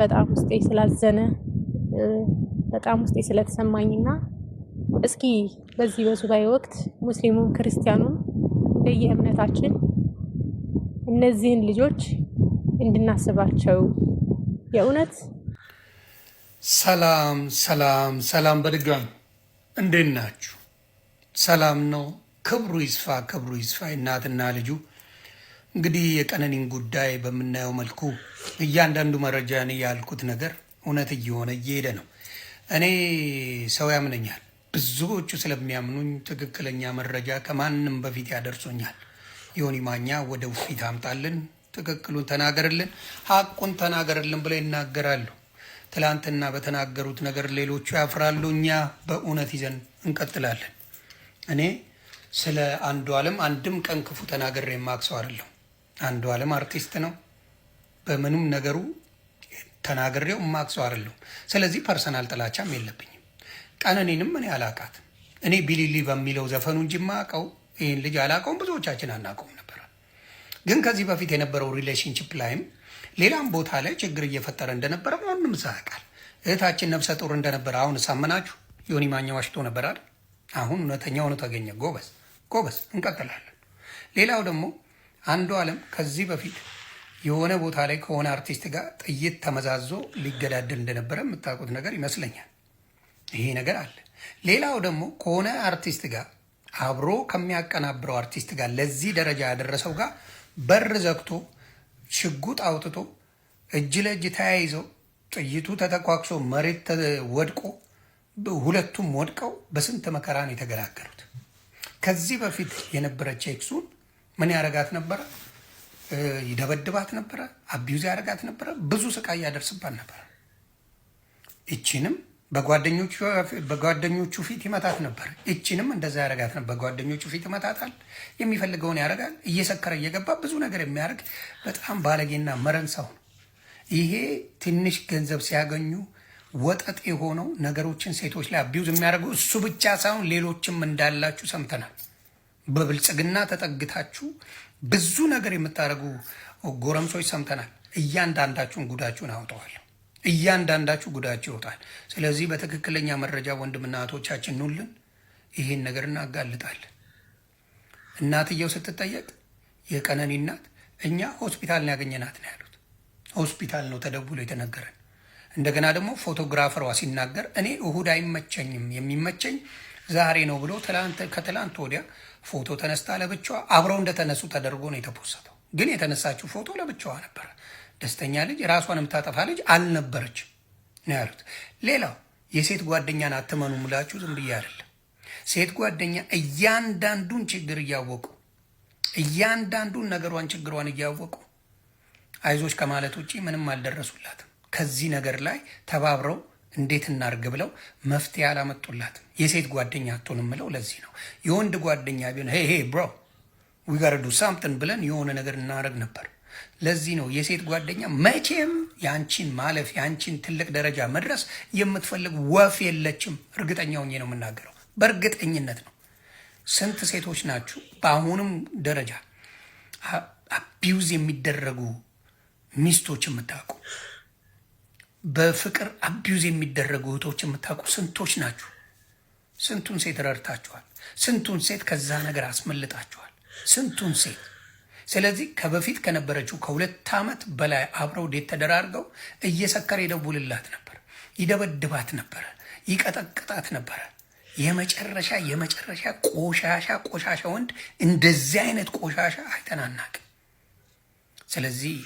በጣም ውስጤ ስላዘነ በጣም ውስጤ ስለተሰማኝ እና እስኪ በዚህ በሱባኤ ወቅት ሙስሊሙም ክርስቲያኑም በየእምነታችን እነዚህን ልጆች እንድናስባቸው የእውነት ሰላም ሰላም ሰላም። በድጋሚ እንዴት ናችሁ? ሰላም ነው። ክብሩ ይስፋ፣ ክብሩ ይስፋ። እናትና ልጁ እንግዲህ የቀነኒን ጉዳይ በምናየው መልኩ እያንዳንዱ መረጃ እኔ ያልኩት ነገር እውነት እየሆነ እየሄደ ነው። እኔ ሰው ያምነኛል፣ ብዙዎቹ ስለሚያምኑኝ ትክክለኛ መረጃ ከማንም በፊት ያደርሶኛል። ዮኒ ማኛ ወደ ውፊት አምጣልን፣ ትክክሉን ተናገርልን፣ ሀቁን ተናገርልን ብለው ይናገራሉ። ትላንትና በተናገሩት ነገር ሌሎቹ ያፍራሉ። እኛ በእውነት ይዘን እንቀጥላለን። እኔ ስለ አንዱ ዓለም አንድም ቀን ክፉ ተናገሬ የማቅሰው አይደለሁ። አንዱ አለም አርቲስት ነው። በምንም ነገሩ ተናግሬው የማቅሰው አይደለሁም። ስለዚህ ፐርሰናል ጥላቻም የለብኝም። ቀነኔንም እኔ አላቃት። እኔ ቢሊሊ በሚለው ዘፈኑ እንጂ የማውቀው ይህን ልጅ አላቀውም። ብዙዎቻችን አናቀውም ነበር። ግን ከዚህ በፊት የነበረው ሪሌሽንሽፕ ላይም ሌላም ቦታ ላይ ችግር እየፈጠረ እንደነበረ ማንም ሳያውቃል እህታችን ነፍሰ ጡር እንደነበረ አሁን ሳምናችሁ ዮኒ ማኛ ዋሽቶ ነበር አይደል? አሁን እውነተኛ ሆኖ ተገኘ። ጎበዝ ጎበዝ፣ እንቀጥላለን። ሌላው ደግሞ አንዱ አለም ከዚህ በፊት የሆነ ቦታ ላይ ከሆነ አርቲስት ጋር ጥይት ተመዛዞ ሊገዳደል እንደነበረ የምታውቁት ነገር ይመስለኛል። ይሄ ነገር አለ። ሌላው ደግሞ ከሆነ አርቲስት ጋር አብሮ ከሚያቀናብረው አርቲስት ጋር ለዚህ ደረጃ ያደረሰው ጋር በር ዘግቶ ሽጉጥ አውጥቶ እጅ ለእጅ ተያይዘው ጥይቱ ተተኳክሶ መሬት ወድቆ ሁለቱም ወድቀው በስንት መከራ ነው የተገላገሉት። ከዚህ በፊት የነበረች ኤክሱን ምን ያረጋት ነበረ? ይደበድባት ነበረ፣ አቢዩዝ ያረጋት ነበረ፣ ብዙ ስቃይ ያደርስባት ነበረ። እቺንም በጓደኞቹ ፊት ይመታት ነበር። እቺንም እንደዛ ያረጋት ነበር። በጓደኞቹ ፊት ይመታታል፣ የሚፈልገውን ያረጋል። እየሰከረ እየገባ ብዙ ነገር የሚያደርግ በጣም ባለጌና መረን ሰው ነው። ይሄ ትንሽ ገንዘብ ሲያገኙ ወጠጥ የሆነው ነገሮችን ሴቶች ላይ አቢዩዝ የሚያደርገው እሱ ብቻ ሳይሆን ሌሎችም እንዳላችሁ ሰምተናል። በብልጽግና ተጠግታችሁ ብዙ ነገር የምታደርጉ ጎረምሶች ሰምተናል። እያንዳንዳችሁን ጉዳችሁን አውጠዋል። እያንዳንዳችሁ ጉዳችሁ ይወጣል። ስለዚህ በትክክለኛ መረጃ ወንድምና እህቶቻችን ኑልን፣ ይህን ነገር እናጋልጣለን። እናትየው ስትጠየቅ የቀነኒ እናት እኛ ሆስፒታል ነው ያገኘናት ነው ያሉት። ሆስፒታል ነው ተደውሎ የተነገረን። እንደገና ደግሞ ፎቶግራፈሯ ሲናገር እኔ እሁድ አይመቸኝም የሚመቸኝ ዛሬ ነው ብሎ ከትላንት ወዲያ ፎቶ ተነስታ ለብቻዋ አብረው እንደተነሱ ተደርጎ ነው የተፖሰተው። ግን የተነሳችው ፎቶ ለብቻዋ ነበረ። ደስተኛ ልጅ፣ ራሷን የምታጠፋ ልጅ አልነበረችም ነው ያሉት። ሌላው የሴት ጓደኛን አትመኑ ምላችሁ ዝም ብዬ አይደለም። ሴት ጓደኛ እያንዳንዱን ችግር እያወቁ እያንዳንዱን ነገሯን ችግሯን እያወቁ አይዞች ከማለት ውጭ ምንም አልደረሱላትም። ከዚህ ነገር ላይ ተባብረው እንዴት እናርግ ብለው መፍትሄ አላመጡላትም። የሴት ጓደኛ አትሆን የምለው ለዚህ ነው። የወንድ ጓደኛ ቢሆን ሄ ብሮ ዊጋርዱ ሳምትን ብለን የሆነ ነገር እናደርግ ነበር። ለዚህ ነው የሴት ጓደኛ መቼም የአንቺን ማለፍ የአንቺን ትልቅ ደረጃ መድረስ የምትፈልግ ወፍ የለችም። እርግጠኛ ሆኜ ነው የምናገረው፣ በእርግጠኝነት ነው። ስንት ሴቶች ናችሁ በአሁኑም ደረጃ አቢውዝ የሚደረጉ ሚስቶች የምታውቁ? በፍቅር አቢዩዝ የሚደረጉ እህቶች የምታውቁ ስንቶች ናችሁ? ስንቱን ሴት ረድታችኋል? ስንቱን ሴት ከዛ ነገር አስመልጣችኋል? ስንቱን ሴት ስለዚህ ከበፊት ከነበረችው ከሁለት ዓመት በላይ አብረው ዴት ተደራርገው እየሰከረ ይደውልላት ነበር፣ ይደበድባት ነበረ፣ ይቀጠቅጣት ነበረ። የመጨረሻ የመጨረሻ ቆሻሻ ቆሻሻ ወንድ እንደዚህ አይነት ቆሻሻ አይተናናቅ። ስለዚህ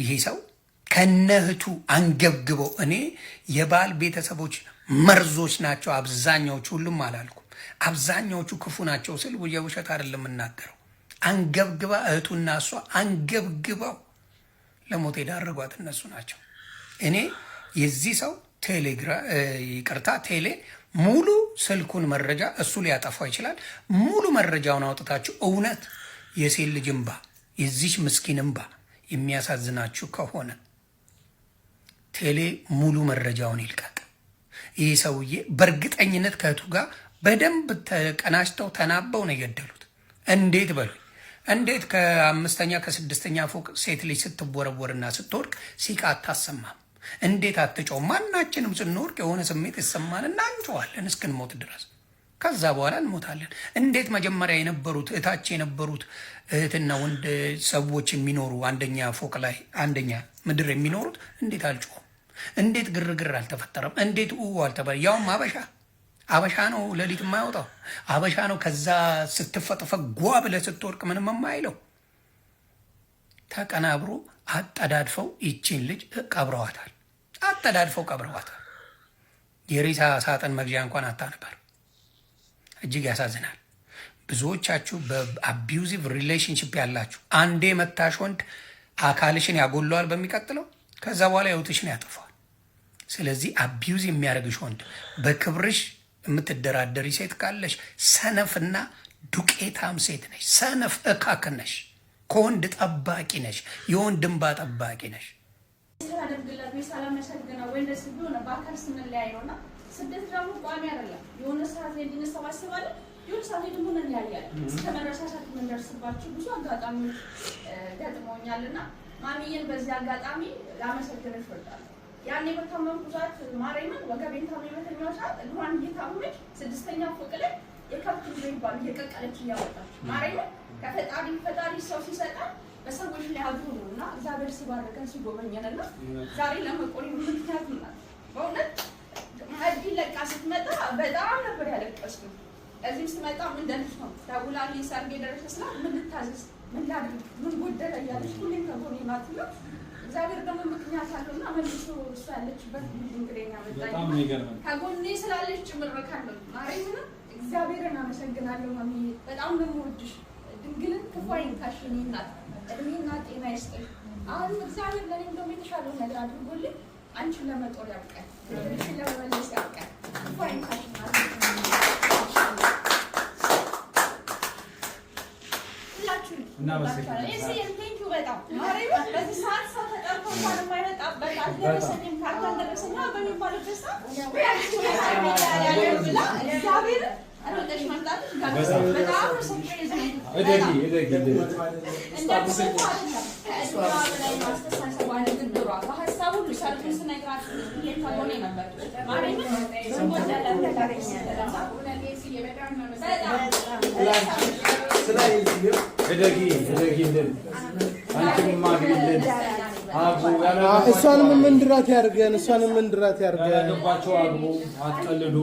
ይሄ ሰው ከነህቱ አንገብግበው እኔ የባል ቤተሰቦች መርዞች ናቸው አብዛኛዎቹ፣ ሁሉም አላልኩም፣ አብዛኛዎቹ ክፉ ናቸው ስል የውሸት አይደለም የምናገረው። አንገብግባ እህቱና እሷ አንገብግበው ለሞት የዳረጓት እነሱ ናቸው። እኔ የዚህ ሰው ቴሌግራ ይቅርታ፣ ቴሌ ሙሉ ስልኩን መረጃ እሱ ሊያጠፋ ይችላል። ሙሉ መረጃውን አውጥታችሁ እውነት የሴት ልጅ እንባ የዚች ምስኪን እንባ የሚያሳዝናችሁ ከሆነ ቴሌ ሙሉ መረጃውን ይልቀቅ። ይህ ሰውዬ በእርግጠኝነት ከቱ ጋር በደንብ ተቀናጅተው ተናበው ነው የገደሉት። እንዴት በሉ እንዴት ከአምስተኛ ከስድስተኛ ፎቅ ሴት ልጅ ስትወረወርና ስትወድቅ ሲቃ አታሰማም? እንዴት አትጮው? ማናችንም ስንወድቅ የሆነ ስሜት ይሰማንና እንጮዋለን እስክንሞት ድረስ ከዛ በኋላ እንሞታለን። እንዴት መጀመሪያ የነበሩት እታች የነበሩት እህትና ወንድ ሰዎች የሚኖሩ አንደኛ ፎቅ ላይ አንደኛ ምድር የሚኖሩት እንዴት አልጮ እንዴት ግርግር አልተፈጠረም? እንዴት ው አልተባለ? ያውም አበሻ አበሻ ነው ሌሊት የማያወጣው አበሻ ነው። ከዛ ስትፈጥፈ ጓ ብለህ ስትወርቅ ምንም የማይለው ተቀናብሮ አጠዳድፈው ይቺን ልጅ ቀብረዋታል። አጠዳድፈው ቀብረዋታል። የሬሳ ሳጥን መግዣ እንኳን አታ ነበር። እጅግ ያሳዝናል። ብዙዎቻችሁ በአቢዩዚቭ ሪሌሽንሽፕ ያላችሁ አንዴ መታሽ ወንድ አካልሽን ያጎለዋል በሚቀጥለው ከዛ በኋላ ህይወትሽን ያጠፋል። ስለዚህ አቢዩዝ የሚያደርግሽ ወንድ፣ በክብርሽ የምትደራደሪ ሴት ካለሽ ሰነፍና ዱቄታም ሴት ነሽ። ሰነፍ እካክ ነሽ። ከወንድ ጠባቂ ነሽ። የወንድ እንባ ጠባቂ ነሽ። ስደት ደግሞ ቋሚ አይደለም። የሆነ ሰዓት ላይ እንሰባሰባለን፣ የሆነ ሰዓት ላይ ደግሞ እንለያያለን። እስከ መረሳሳት የምንደርስባቸው ብዙ አጋጣሚዎች ገጥመውኛል እና ማሚዬን በዚህ አጋጣሚ ላመሰግንሽ እወዳለሁ። ያኔ በታመምኩ ሰዓት ማርያምን ወገቤን ታሜ በተኛው ሰዓት ልዋን እየታመመች ስድስተኛ ፎቅ ላይ የከብት ልጅ ይባል እየቀቀለች እያወጣች ማርያምን ከፈጣሪ ፈጣሪ ሰው ሲሰጣ በሰዎች ላይ አድሩ ነው እና እግዚአብሔር ሲባርከን ሲጎበኘን ዛሬ ለመቆሪ ምክንያት ምናል በእውነት መዲ ለቃ ስትመጣ በጣም ነበር ያለቀስኩት። ምን ደንሽ ነው ደውላ ሰርጌ ደረሰ ስላ ምን ልታዘዝ ምን ላድርግ ምን ጎደለ እያለች ሁሌም ከጎኔ ናት ነው እግዚአብሔር ደግሞ ምክንያት አለውና መልሶ እሱ ያለችበት እንግደኛ ከጎኔ ስላለች ጭምርካለሁ ማርያምን እግዚአብሔርን አመሰግናለሁ። ማሚ በጣም ነው የምወድሽ። ድንግልን ክፉ አይንካሽ የእኔ እናት፣ እድሜና ጤና ይስጥሽ። አሁን እግዚአብሔር ለእኔ እንደውም የተሻለው ነገር አድርጎልኝ አንቺን ለመጦር ያብቃል፣ አንቺን ለመመለስ ያብቃል። ክፉ አይንካሽ ማለት ሁላችሁ በጣም ስለዚህ ሄደጊ ሄደጊ እንደን አንቺም ማግኘት እሷንም ምንድራት ያድርገን። እሷንም ምንድራት ያርገን። ያገባቸው አግቡ፣ አትቀልዱ፣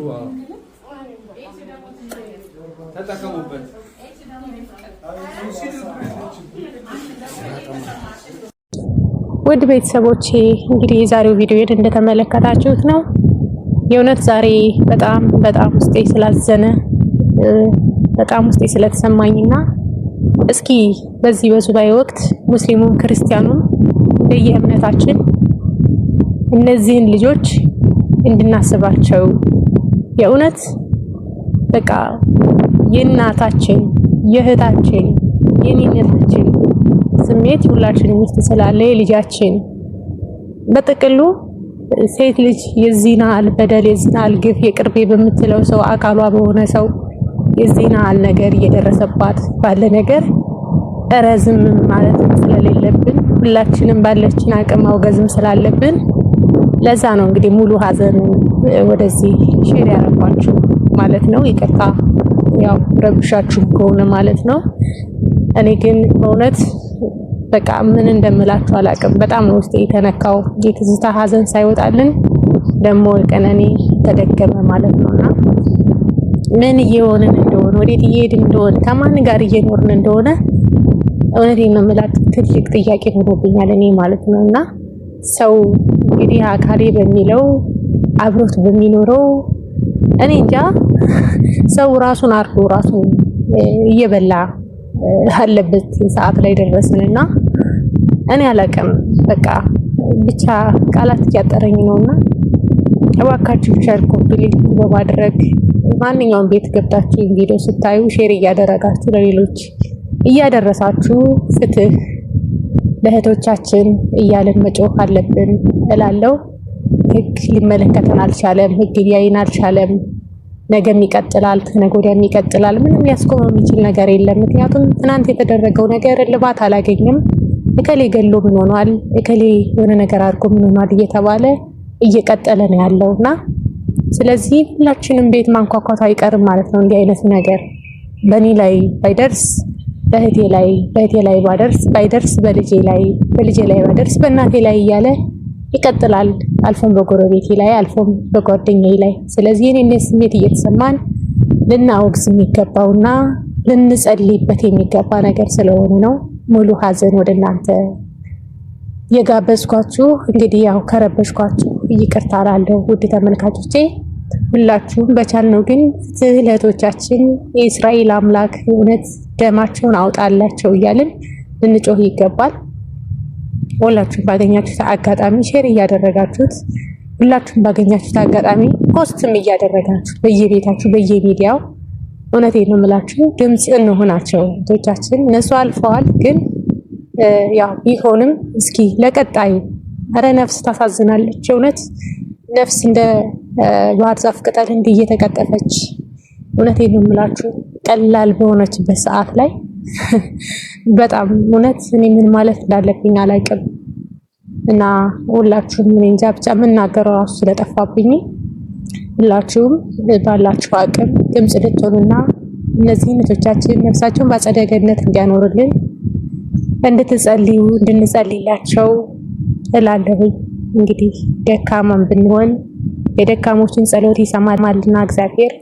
ተጠቀሙበት። ውድ ቤተሰቦቼ እንግዲህ የዛሬው ቪዲዮ እንደተመለከታችሁት ነው። የእውነት ዛሬ በጣም በጣም ውስጤ ስላዘነ በጣም ውስጤ ስለተሰማኝና እስኪ በዚህ በሱባኤ ወቅት ሙስሊሙም ክርስቲያኑም እንደየእምነታችን እነዚህን ልጆች እንድናስባቸው የእውነት በቃ የእናታችን የእህታችን የኔነታችን ስሜት ሁላችንም ውስጥ ስላለ የልጃችን በጥቅሉ ሴት ልጅ የዚህን አል በደል የዚህን አል ግፍ የቅርቤ በምትለው ሰው አካሏ በሆነ ሰው የዚህን አል ነገር እየደረሰባት ባለ ነገር እረዝም ማለት ስለሌለብን ሁላችንም ባለችን አቅም አውገዝም ስላለብን ለዛ ነው እንግዲህ ሙሉ ሀዘን ወደዚህ ሼር ያደረኳችሁ ማለት ነው። ይቅርታ ያው ረብሻችሁ ከሆነ ማለት ነው። እኔ ግን በእውነት በቃ ምን እንደምላችሁ አላቅም። በጣም ነው ውስጥ የተነካው የትዝታ ሀዘን ሳይወጣልን ደግሞ ቀነኔ ተደገመ ማለት እና ምን እየሆንን እንደሆነ ወዴት እየሄድን እንደሆነ ከማን ጋር እየኖርን እንደሆነ እውነቴን ነው የምላት ትልቅ ጥያቄ ሆኖብኛል እኔ ማለት ነው። እና ሰው እንግዲህ አካሌ በሚለው አብሮት በሚኖረው እኔ እንጃ ሰው ራሱን አርዶ ራሱን እየበላ አለበት ሰዓት ላይ ደረስን እና እኔ አላውቅም በቃ ብቻ ቃላት እያጠረኝ ነው እና እባካችሁ ሼር ኮፒ በማድረግ ማንኛውም ቤት ገብታችሁ ቪዲዮ ስታዩ ሼር እያደረጋችሁ ለሌሎች እያደረሳችሁ ፍትህ ለእህቶቻችን እያለን መጮህ አለብን እላለሁ። ህግ ሊመለከተን አልቻለም። ህግ ሊያይን አልቻለም። ነገም ይቀጥላል፣ ከነገ ወዲያም ይቀጥላል። ምንም ሊያስቆመው የሚችል ነገር የለም። ምክንያቱም ትናንት የተደረገው ነገር እልባት አላገኘም። እከሌ ገሎ ምን ሆኗል፣ እከሌ የሆነ ነገር አድርጎ ምን ሆኗል እየተባለ እየቀጠለ ነው ያለው እና ስለዚህ ሁላችንም ቤት ማንኳኳቱ አይቀርም ማለት ነው እንዲህ አይነቱ ነገር በእኔ ላይ ባይደርስ በእህቴ ላይ በእህቴ ላይ ባደርስ ባይደርስ በልጄ ላይ በልጄ ላይ ባደርስ በእናቴ ላይ እያለ ይቀጥላል። አልፎም በጎረቤቴ ላይ አልፎም በጓደኛዬ ላይ። ስለዚህ እኔ ስሜት እየተሰማን ልናወግዝ የሚገባውና ልንጸልይበት የሚገባ ነገር ስለሆነ ነው። ሙሉ ሀዘን ወደ እናንተ የጋበዝኳችሁ እንግዲህ ያው ከረበሽኳችሁ ይቅርታ ላለው ውድ ተመልካቾቼ ሁላችሁም በቻልነው ግን ፍትህ እህቶቻችን የእስራኤል አምላክ የእውነት ደማቸውን አውጣላቸው እያልን ልንጮህ ይገባል። ሁላችሁም ባገኛችሁት አጋጣሚ ሼር እያደረጋችሁት ሁላችሁም ባገኛችሁት አጋጣሚ ፖስትም እያደረጋችሁ በየቤታችሁ በየሚዲያው እውነት ነው የምላችሁ ድምፅ እንሆናቸው እህቶቻችን። እነሱ አልፈዋል፣ ግን ያው ቢሆንም እስኪ ለቀጣይ እረ ነፍስ ታሳዝናለች እውነት ነፍስ እንደ ባህር ዛፍ ቅጠል እንዲህ እየተቀጠፈች እውነቴን ነው የምላችሁ ቀላል በሆነችበት ሰዓት ላይ በጣም እውነት እኔ ምን ማለት እንዳለብኝ አላውቅም። እና ሁላችሁም እኔ እንጃ ብቻ የምናገረው ራሱ ስለጠፋብኝ ሁላችሁም ባላችሁ አቅም ድምፅ ልትሆኑና እነዚህ እህቶቻችን ነፍሳቸውን በአጸደ ገነት እንዲያኖርልን እንድትጸልዩ እንድንጸልይላቸው እላለሁኝ። እንግዲህ ደካማን ብንሆን የደካሞችን ጸሎት ይሰማልና እግዚአብሔር